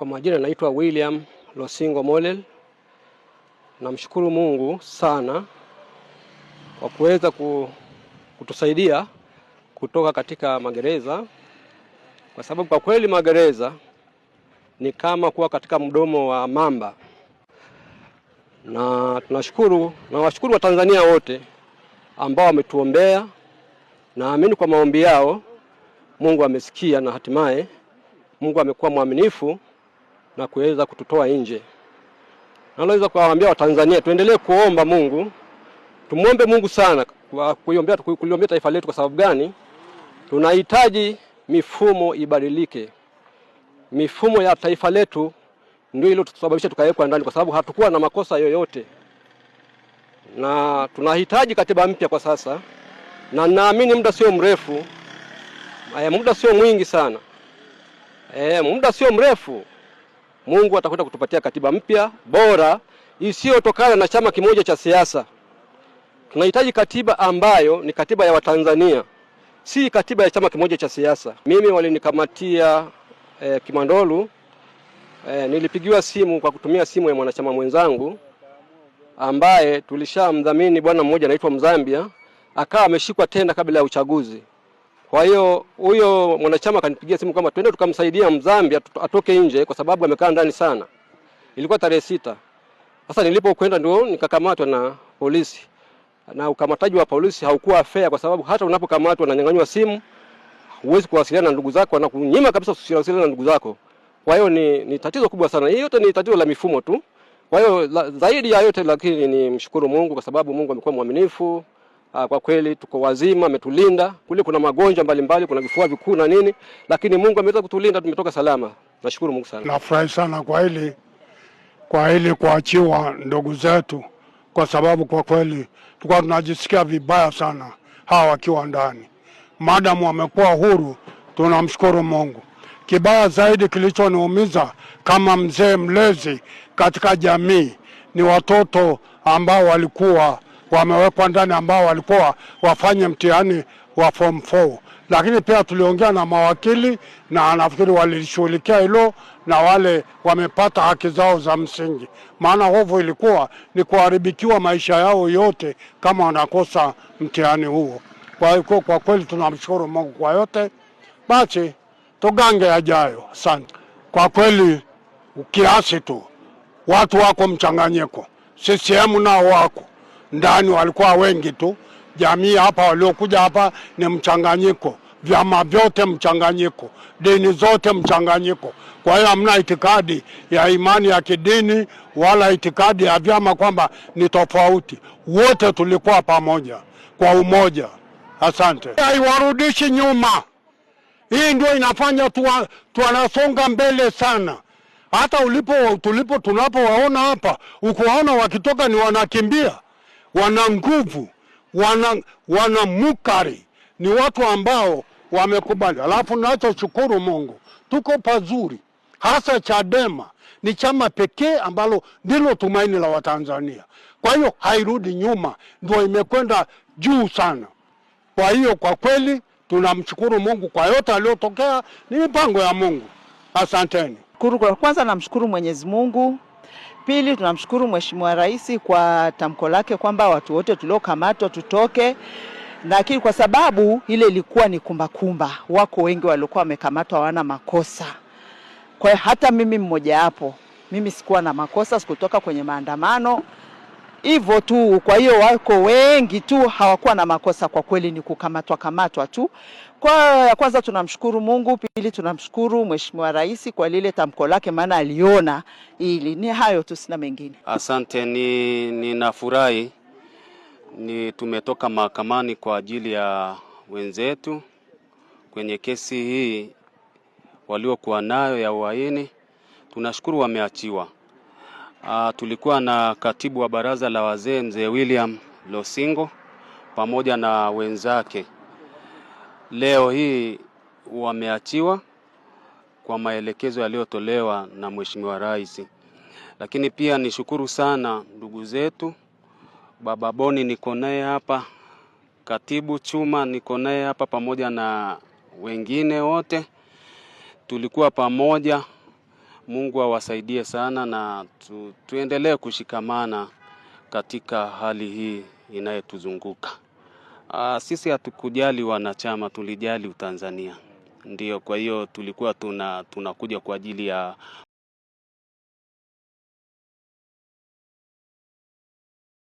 Kwa majina naitwa William Losingo Molel. Namshukuru Mungu sana kwa kuweza kutusaidia kutoka katika magereza, kwa sababu kwa kweli magereza ni kama kuwa katika mdomo wa mamba, na tunashukuru na washukuru Watanzania wote ambao wametuombea. Naamini kwa maombi yao Mungu amesikia na hatimaye Mungu amekuwa mwaminifu na kuweza kututoa nje. Naweza kuwaambia Watanzania tuendelee kuomba Mungu, tumwombe Mungu sana kwa kuiombea kuliombea taifa letu. Kwa sababu gani? Tunahitaji mifumo ibadilike. Mifumo ya taifa letu ndio ile tusababisha tukawekwa ndani, kwa sababu hatukuwa na makosa yoyote, na tunahitaji katiba mpya kwa sasa, na naamini muda sio mrefu, muda sio mwingi sana, e, muda sio mrefu Mungu atakwenda kutupatia katiba mpya bora isiyotokana na chama kimoja cha siasa. Tunahitaji katiba ambayo ni katiba ya Watanzania, si katiba ya chama kimoja cha siasa. Mimi walinikamatia eh, Kimandolu eh, nilipigiwa simu kwa kutumia simu ya mwanachama mwenzangu ambaye tulishamdhamini bwana mmoja anaitwa Mzambia, akawa ameshikwa tena kabla ya uchaguzi. Kwa hiyo huyo mwanachama akanipigia simu kama twende tukamsaidia Mzambia atoke nje kwa sababu amekaa ndani sana. Ilikuwa tarehe sita. Sasa nilipokwenda ndio nikakamatwa na polisi. Na ukamataji wa polisi haukuwa fair kwa sababu hata unapokamatwa na nyang'anywa simu, huwezi kuwasiliana na ndugu zako na kunyima kabisa kuwasiliana na ndugu zako. Kwa hiyo ni, ni tatizo kubwa sana. Hii yote ni tatizo la mifumo tu. Kwa hiyo zaidi ya yote, lakini ni mshukuru Mungu kwa sababu Mungu amekuwa mwaminifu. Ah, kwa kweli tuko wazima, ametulinda. Kule kuna magonjwa mbalimbali, kuna vifua vikuu na nini, lakini Mungu ameweza kutulinda, tumetoka salama. Nashukuru Mungu sana. Nafurahi sana kwa hili kwa hili kuachiwa ndugu zetu, kwa sababu kwa kweli tulikuwa tunajisikia vibaya sana hawa wakiwa ndani. Madamu wamekuwa huru, tunamshukuru Mungu. Kibaya zaidi kilichoniumiza kama mzee mlezi katika jamii ni watoto ambao walikuwa wamewekwa ndani ambao walikuwa wafanye mtihani wa form 4 lakini pia tuliongea na mawakili na nafikiri walishughulikia hilo na wale wamepata haki zao za msingi, maana hofu ilikuwa ni kuharibikiwa maisha yao yote kama wanakosa mtihani huo. Kwa hiyo kwa kweli tunamshukuru Mungu kwa yote, basi tugange yajayo. Asante kwa kweli, kiasi tu watu wako mchanganyiko, CCM nao wako ndani walikuwa wengi tu. Jamii hapa waliokuja hapa ni mchanganyiko, vyama vyote mchanganyiko, dini zote mchanganyiko. Kwa hiyo hamna itikadi ya imani ya kidini wala itikadi ya vyama kwamba ni tofauti. Wote tulikuwa pamoja kwa umoja. Asante. Haiwarudishi nyuma, hii ndio inafanya tunasonga mbele sana hata ulipo tulipo tunapowaona hapa, ukuwaona wakitoka ni wanakimbia wana nguvu, wana, wana mukari, ni watu ambao wamekubali. Alafu nachoshukuru Mungu tuko pazuri, hasa Chadema ni chama pekee ambalo ndilo tumaini la Watanzania. Kwa hiyo hairudi nyuma, ndio imekwenda juu sana. Kwa hiyo kwa kweli tunamshukuru Mungu kwa yote aliyotokea, ni mipango ya Mungu. Asanteni. kwanza namshukuru Mwenyezi Mungu Pili, tunamshukuru Mheshimiwa Rais kwa tamko lake kwamba watu wote tuliokamatwa tutoke, lakini kwa sababu ile ilikuwa ni kumbakumba, wako wengi waliokuwa wamekamatwa hawana makosa. Kwa hiyo hata mimi mmoja wapo, mimi sikuwa na makosa, sikutoka kwenye maandamano hivyo tu. Kwa hiyo wako wengi tu hawakuwa na makosa kwa kweli, ni kukamatwa kamatwa tu. Kwa kwanza tunamshukuru Mungu, pili tunamshukuru Mheshimiwa Rais kwa lile tamko lake, maana aliona ili. Ni hayo tu, sina mengine. Asante. Ni ninafurahi ni tumetoka mahakamani kwa ajili ya wenzetu kwenye kesi hii waliokuwa nayo ya uhaini. Tunashukuru wameachiwa. Uh, tulikuwa na katibu wa baraza la wazee mzee William Losingo pamoja na wenzake. Leo hii wameachiwa kwa maelekezo yaliyotolewa na Mheshimiwa Rais. Lakini pia nishukuru sana ndugu zetu, Baba Boni niko naye hapa, Katibu Chuma niko naye hapa pamoja na wengine wote tulikuwa pamoja Mungu awasaidie sana na tu, tuendelee kushikamana katika hali hii inayotuzunguka. Aa, ah, sisi hatukujali wanachama, tulijali Utanzania. ndio kwa hiyo tulikuwa tuna tunakuja kwa ajili ya